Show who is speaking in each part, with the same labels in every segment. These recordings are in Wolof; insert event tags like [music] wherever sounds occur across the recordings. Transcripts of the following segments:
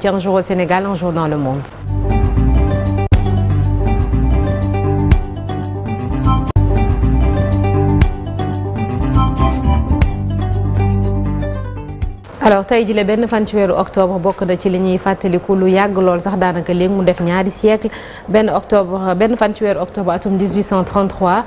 Speaker 1: ci un jour au Sénégal un jour dans le monde alors tey jile benn fan weeru octobre bokk na ci li ñuy fàttaliku lu yàgg lool sax daanaka léegi mu def ñaari siècle benn octobre benn fan ci weeru octobre atum 1833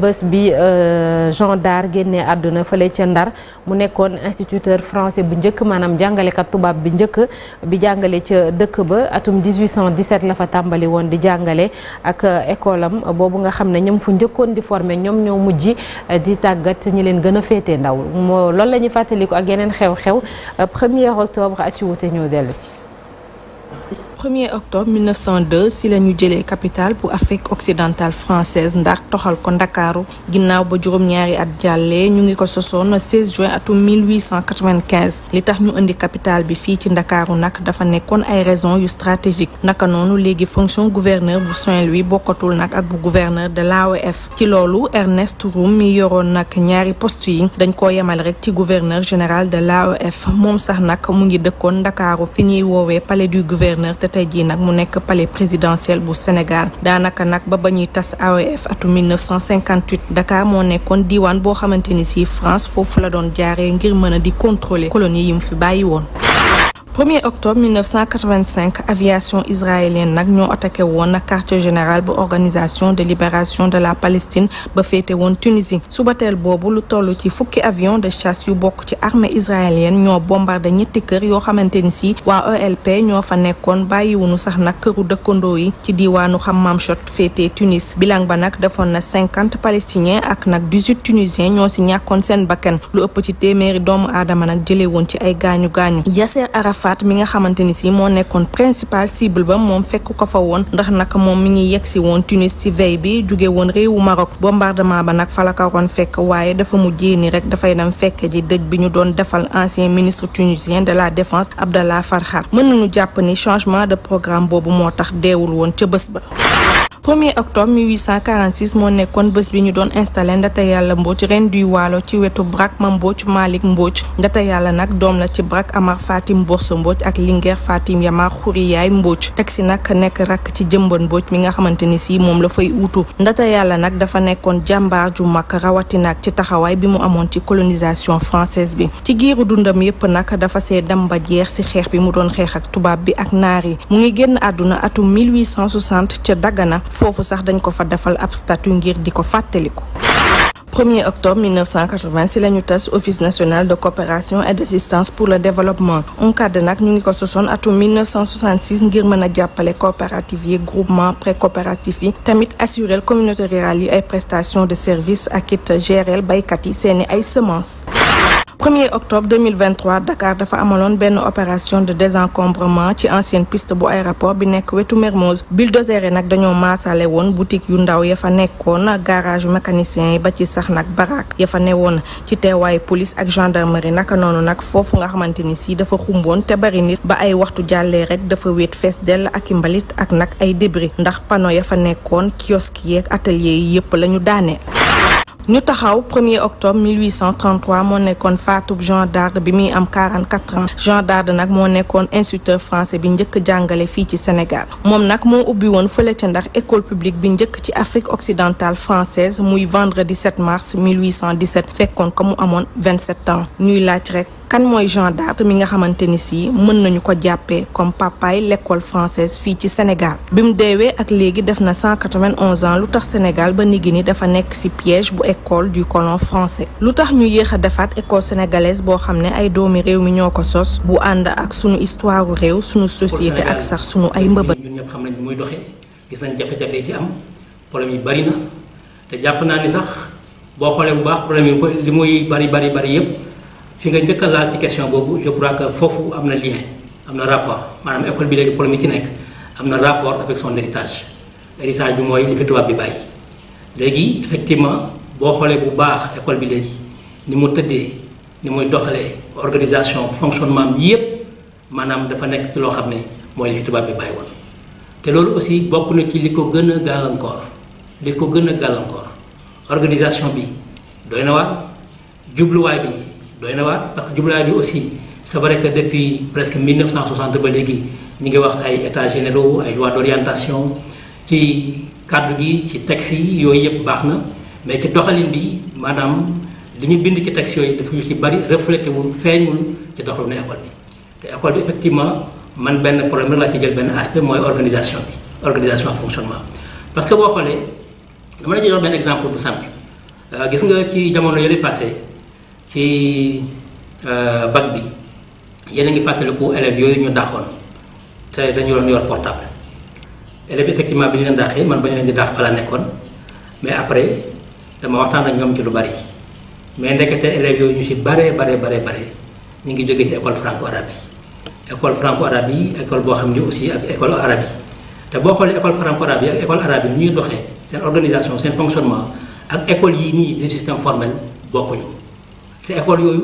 Speaker 1: bés bi euh, Jean Dard génnee àdduna fële ca Ndar mu nekkoon instituteur français bu njëkk maanaam jàngalekat tubaab bi njëkk bi jàngale ca dëkk ba atum 1817 la fa tàmbali woon di jàngale ak euh, école am boobu nga xam ne ñoom fu njëkkoon di former ñoom ñoo mujji euh, di tàggat ñi leen gën a féetee ndaw moo loolu la ñuy fàttaliku ak yeneen xew-xew. 1er euh, octobre at yu wute ñoo dellu si
Speaker 2: 1er octobre 1902 si la ñu jëlee capitale bu Afrique occidentale française Ndar toxal ko Ndakaaru ginnaaw ba juróom-ñaari at jàllee ñu ngi ko sosoon 16 juin atum 1895 li tax ñu indi capitale bi fii ci Ndakaaru nag dafa nekkoon ay raison yu stratégique naka noonu léegi fonction gouverneur bu Saint-Louis bokkatul nag ak bu gouverneur de l'AOF ci loolu Ernest Roume mi yoroon nag ñaari post yi dañ koo yemal rek ci gouverneur général de l'AOF moom sax nag mu ngi dëkkoon Ndakaaru fi ñuy woowee palais tey jii nag mu nekk palais présidentiel bu Sénégal daanaka nag ba ba ñuy tas AOF atu 1958 Dakar moo nekkoon diwaan boo xamante ni si France foofu la doon jaaree ngir mën a di contrôler colonie yi mu fi bàyyi woon. 1er octobre 1985 aviation israélienne nag ñoo attaqué woon quartier général bu organisation de libération de la Palestine ba féete woon Tunisie suba boobu lu toll ci fukki avion de chasse yu bokk ci armée israélienne ñoo bombardé ñetti kër yoo xamante ni si waa ELP ñoo fa nekkoon bàyyiwuñu sax nag këru dëkkandoo yi ci diwaanu Hammam Chott féete Tunis bilan ba nag defoon na cinquante palestiniens ak nag dix-huit ñoo si ñàkkoon seen bakkan lu ëpp ci téeméer doomu aadama nag jëlee woon ci ay gaañu gaañu Faat mi nga xamante ni si moo nekkoon principal cible ba moom fekk ko fa woon ndax nag moom mi ngi yegg si woon Tunis ci veille bi jóge woon réewu Maroc bombardement ba nag fa la ko waroon fekk waaye dafa mujjee ni rek dafay dem fekk ji dëj bi ñu doon defal ancien ministre tunisien de la défense Abdallah Farhat mën nañu jàpp ni changement de programme boobu moo tax deewul woon ca bés ba 1er octobre 1846 moo nekkoon bés bi ñu doon installé Ndata Yàlla Mbodj ren duy waalo ci wetu Brak ma Mbodj maalik Mbodj Ndata Yàlla nag doom la ci Brak Amar Fatim Borso Mbodj ak Linguère Fatim Yamar Khouriyaay mbóoj teg si nag nekk rakk ci Jëmbën Mbodj mi nga xamante ni si moom la fay uutu Ndata Yàlla nag dafa nekkoon jàmbaar ju mag rawati ci taxawaay bi mu amoon ci colonisation française bi ci giiru dundam yépp nag dafa see dem ba jeex si xeex bi mu doon xeex tubaab bi ak naar yi mu ngi génn àdduna atum 1860 ca Dagana foofu sax dañ ko fa defal ab statut ngir di ko fàttaliku. ko er octobre 1980 si la ñu tas office national de coopération et d'assistance pour le développement ONCAD nag ñu ngi ko sosoon atum 1966 ngir mën a jàppale coopérative yi groupement pré-coopératif yi tamit assurel communauté rurale yi ay prestations de services ak it gérel baykat yi seeni ay semences. 1er octobre 2023 Dakar dafa amaloon benn opération de désencombrement ci ancienne piste bu aéroport bi nekk wetu Mermoz bulldozer yi nag dañoo maasale woon boutique yu ndaw ya fa nekkoon garage mécanicien yi ba ci sax nag baraak ya fa ne woon ci teewaayu police ak gendarmerie naka noonu nag foofu nga xamante ni si dafa xumboon te bari nit ba ay waxtu jàllee rek dafa wéet fees dell ak i mbalit ak nag ay débris ndax panneau ya fa nekkoon kiosque yeeg atelier yi yëpp la ñu daane ñu taxaw 1er octobre 1833 moo nekkoon faatub Jean Dard bi muy am 44 ans Jean Dard nag moo nekkoon instituteur français bi njëkk jàngale fii ci Sénégal moom nag moo ubbi woon fële ca ndax école publique bi njëkk ci Afrique occidentale française muy vendredi 7 mars 1817 fekkoon ko mu amoon 27 ans ñuy laaj rek kan mooy Jean d'Arc mi nga xamante ni si mën nañu ko jàppee comme papaay l'école française fii ci Sénégal bi mu deewee ak léegi def na cent 191 ans lu tax Sénégal ba nigi ni dafa nekk ci piège bu école du colon francais lu tax ñu yéex a defaat école sénégalaise boo xam ne ay doomi réew mi ñoo ko sos bu ànd ak sunu histoire réew suñu société ak sax sunu ay mbëbët
Speaker 3: ñun ñëpp xam nañ muy doxee gis nañ jafe-jafe ci am problème yi bari na te jàpp naa ni sax boo xoolee bu baax problème yi ko li bari yëpp fi nga njëkk laal ci question boobu je crois foofu am na lien am na rapport maanaam école bi léegi problème yi ci nekk am na rapport avec son héritage héritage bi mooy li fi tubaab bi bàyyi léegi effectivement boo xoolee bu baax école bi léegi ni mu tëddee ni muy doxalee organisation fonctionnement bi yépp maanaam dafa nekk ci loo xam ne mooy li fi tubaab bi bàyyi woon te loolu aussi bokk na ci li ko gën a gàllankoor li ko gën a gàllankoor organisation bi doy na waar bi dooy na waar parce que jublaay bi aussi c'est vrai que depuis presque 1960 ba léegi ñu ngi wax ay états généraux ay loi d'orientation ci kàddu gi ci texte yi yooyu yëpp baax na mais ci doxalin bi maanaam li ñu bind ci texte yooyu dafa ñu ci bari reflété wul feeñul ci doxalinu école bi te école bi effectivement man benn problème rek laa ci jël benn aspect mooy organisation bi organisation fonctionnement parce que boo xoolee dama la ci jox benn exemple bu simple euh, gis nga ci jamono yële passé ci euh, bac bi yéen a ngi fàttaliku élèves yooyu ñu daxoon te dañu doon yor portable élèves effectivement bi ñu leen dàqee man ba ñu leen di dàq nekkoon mais après dama waxtaan ak ñoom ci lu bari mais ndekete élèves yooyu ñu si bare bare bare bare ñu ngi jóge ci école franco arabe yi école franco arabe yi école boo xam ne aussi ak école arabe yi te boo xoolee école franco arabe yi ak école arabe yi ñuy doxee seen organisation seen fonctionnement ak yi nii di système formel bokkuñu. te école yooyu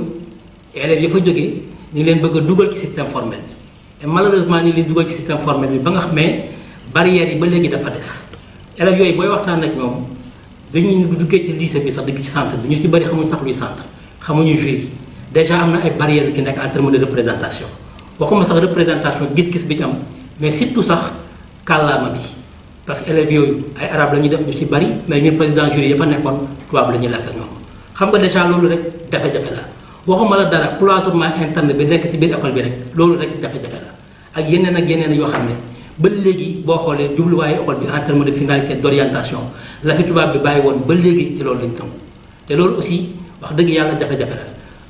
Speaker 3: élèves yi fa jóge ñu ngi leen bëgg dugal ci système formel bi et malheureusement ñu leen dugal ci système formel bi ba nga xam ne yi ba léegi dafa des élèves yooyu booy waxtaan ak ñoom dañuy duggee ci lycée bi sax dëgg ci centre bi ñu ci bëri xamuñ sax luy centre xamuñu jury déjà am na ay barrières yu ci nekk en terme de représentation waxuma sax représentation gis-gis bi ñu am mais surtout sax kàllaama bi parce que élèves yooyu ay arab la ñuy def ñu ci bëri mais ñun président jury yi nekkoon tubaab la ñuy laajte ñoom xam nga déjà loolu rek. jafe-jafe la waxuma la dara cloisonnement interne bi nekk ci biir école bi rek loolu rek jafe-jafe la ak yeneen ak yeneen yoo xam ne ba léegi boo xoolee jubluwaayu école bi en terme de finalité d' orientation tubaab bi bàyyi woon ba léegi ci loolu lañ tënku te loolu aussi wax dëgg yàlla jafe-jafe la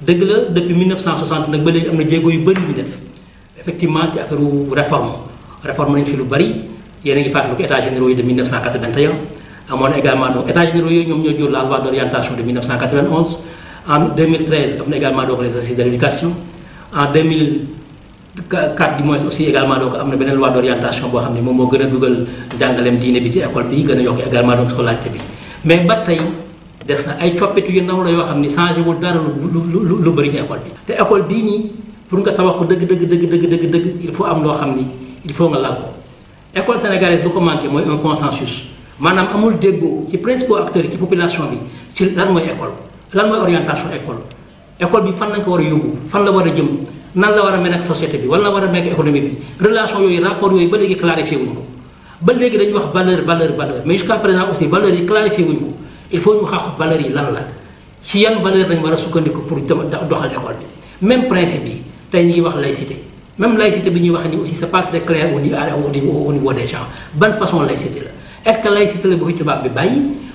Speaker 3: dëgg la depuis nag ba léegi am na jéego yu bëri ñu def effectivement ci affaire réforme réforme nañ fi lu bëri yéen a ngi fàttaliku états généraux yi am na également donc les assises de l'éducation en 2004 du moins aussi am na beneen loi d'orientation boo xam ne moom moo gën a dugal njàngaleem diine bi ci école bi gën a yokk également donc scolarité bi mais ba tey des na ay coppitu yu ndaw la yoo xam ne changé wul dara lu lu lu bëri ci école bi te école bii nii pour nga tabax ko dëgg dëgg dëgg dëgg dëgg il faut am loo xam ni il faut nga laal ko école sénégalaise bu ko manqué mooy un consensus maanaam amul déggoo ci principaux acteurs yi ci population bi ci lan mooy école lan mooy orientation école école bi fan lañ ko war a yóbbu fan la war a jëm nan la war a mel ak société bi wala la war a mel ak économie bi relation yooyu rapport yooyu ba léegi clarifié wuñ ko ba léegi dañuy wax valeur valeur valeur mais jusqu'à présent aussi valeurs yi clarifié wuñ ko il faut ñu xaaxu valeurs yi lan la ci yan valeur lañ war a sukkandiku pour doxal école bi même principe yi tey ñu ngi wax laïcité même laïcité bi ñuy wax ni aussi c'est pas très clair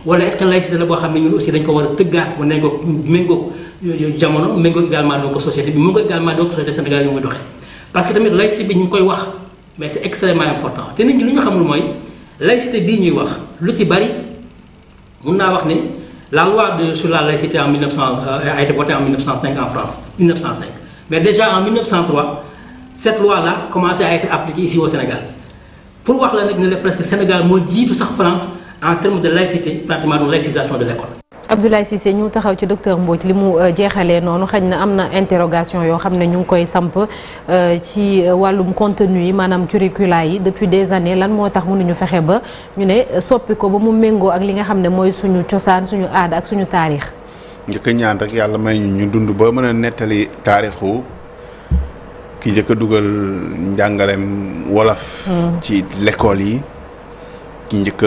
Speaker 3: wala est-ce la boo xam ne ñun aussi dañ ko war a tëggaat wala nañ ko méngoo jamono méngoo également donc société bi méngoo également donc société sénégalaise ñu muy doxee parce que tamit laïcité bi ñu koy wax mais c'est extrêmement important te nit ñi lu ñu xamul mooy laïcité bii ñuy wax lu ci bari mun naa wax ne la loi de sur la laïcité en 1900 euh, a été votée en 1905 en France 1905 mais déjà en 1903 cette loi commencé à être au Sénégal pour wax la nag ne la presque Sénégal moo sax France en termes de laïcité pratiquement
Speaker 1: ñu taxaw ci docteur Mbodj li mu euh, jeexale noonu xëy na am na interrogation yoo xam ne ñu ngi koy samp euh, ci wàllum contenu yi maanaam curricula yi depuis des années lan moo tax mënuñu fexe ba ñu ne soppi ko ba mu méngoo ak li nga xam ne mooy suñu cosaan suñu aada ak suñu taarix.
Speaker 4: njëkk ñaan rek yàlla may ñu dund ba mën a nettali taarixu ki njëkk a dugal njàngaleem wolof. Hmm. ci l'école yi ki njëkk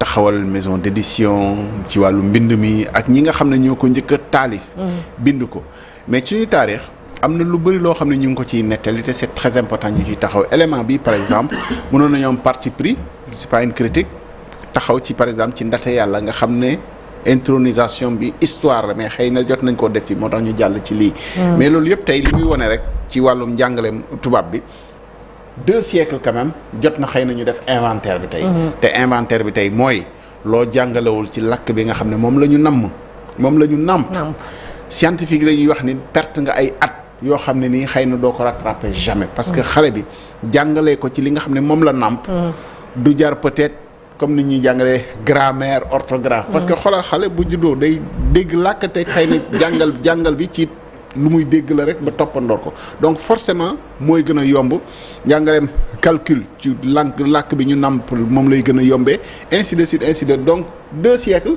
Speaker 4: taxawal maison d'édition ci wàllu mbind mi ak ñi nga xam ne ñoo ko njëkk a taalif mm-hmm. bind ko mais ci ñu taarix am na lu bëri loo xam ne ñu ngi ko ciy nettali te c'est très important ñu ciy taxaw élément bi par exemple [coughs] mënoon nañu am parti pris c'est pas une critique taxaw ci par exemple ci ndate yàlla nga xam ne intronisation bi histoire la mais xëy na jot nañ ko def fi moo tax ñu jàll ci lii mm. mais loolu yëpp tey li muy wane rek ci wàllum njàngaleem tubaab bi deux siècles quand jot na xëy na ñu def inventaire bi tey. Mhm. te inventaire bi tey mooy loo jàngalewul ci làkk bi nga xam ne moom la ñu namm moom la ñu namp. scientifique la ñuy wax ni perte nga ay at yoo xam ne nii xëy na doo ko rattraper jamais. parce que mhm. xale bi jàngalee ko ci li nga xam ne moom la namp. Mhm. du jar peut-être comme ni ñuy jàngalee grammaire orthographe. parce que xoolal xale bu juddoo day dégg làkk te xëy na jàngal jàngal bi ci. lu muy dégg la rek ba toppandoor ko donc forcément mooy gën a yomb njàngaleem calcul ci lànk làkk bi ñu nàmp moom lay gën a yombee ainsi de suite ainsi de donc deux siècles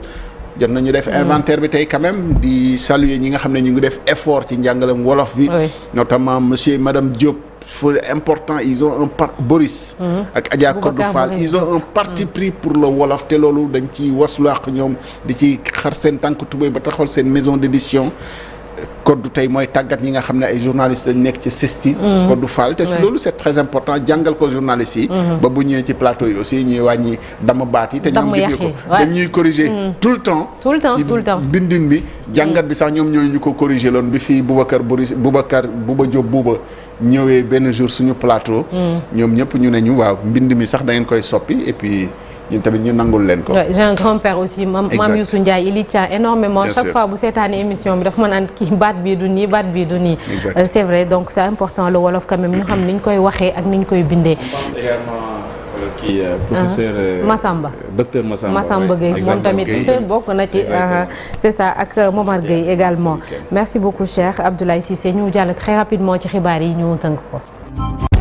Speaker 4: jot nañu def mm. inventaire bi tey quand même di saluer ñi nga xam ne ñu ngi def effort ci njàngaleem wolof bi notamment monsieur madame Diop faut important ils ont un par Boris mm. ak Adja Kodou Fall ils ont un parti mm. pris pour le wolof te loolu dañ ci waslu ak ñoom di ci xar seen tànk tubéey ba taxawal seen maison d'édition koddu tey mooy tàggat ñi nga xam ne ay journalistes lañ nekk ci CESTI. Mm. koddu Fall te si loolu c'est très important jàngal ko journalistes yi. Mm-hmm. ba bu ñëwee ci plateau yi aussi ñuy wàññi dama baat yi. te ñoom gis nga ñuy corriger mm. tout le temps. tout le temps tout le temps bi jàngat bi sax ñoom ñoo ñu ko corriger loon bi fii Boubacar Boris Boubacar Bouba Diop Bouba. ñëwee benn jour suñu plateau. Mm. ñoom ñëpp ñu ne ñu waaw mbind mi sax da koy soppi et puis. ñun tamit ñu nangul leen ko.
Speaker 1: j'ai grand-père aussi maam maam Youssou Ndiaye il y tient énormément chaque fois bu seetaanee émission bi dafa mën naan kii baat bii du nii baat bii du nii. Euh, c'est vrai donc c'est important le wolof quand ñu xam ni ñu koy waxee ak ni ñu koy bindee.
Speaker 3: Euh, kii euh, professeur. Ah, Massamba docteur Massamba Massamba moom tamit bokk na ci. Ah,
Speaker 1: c'est ça ak Momar Gueye également. merci beaucoup cher Abdoulaye Cissé ñu jàll très rapidement ci xibaar yi ñu tënk ko.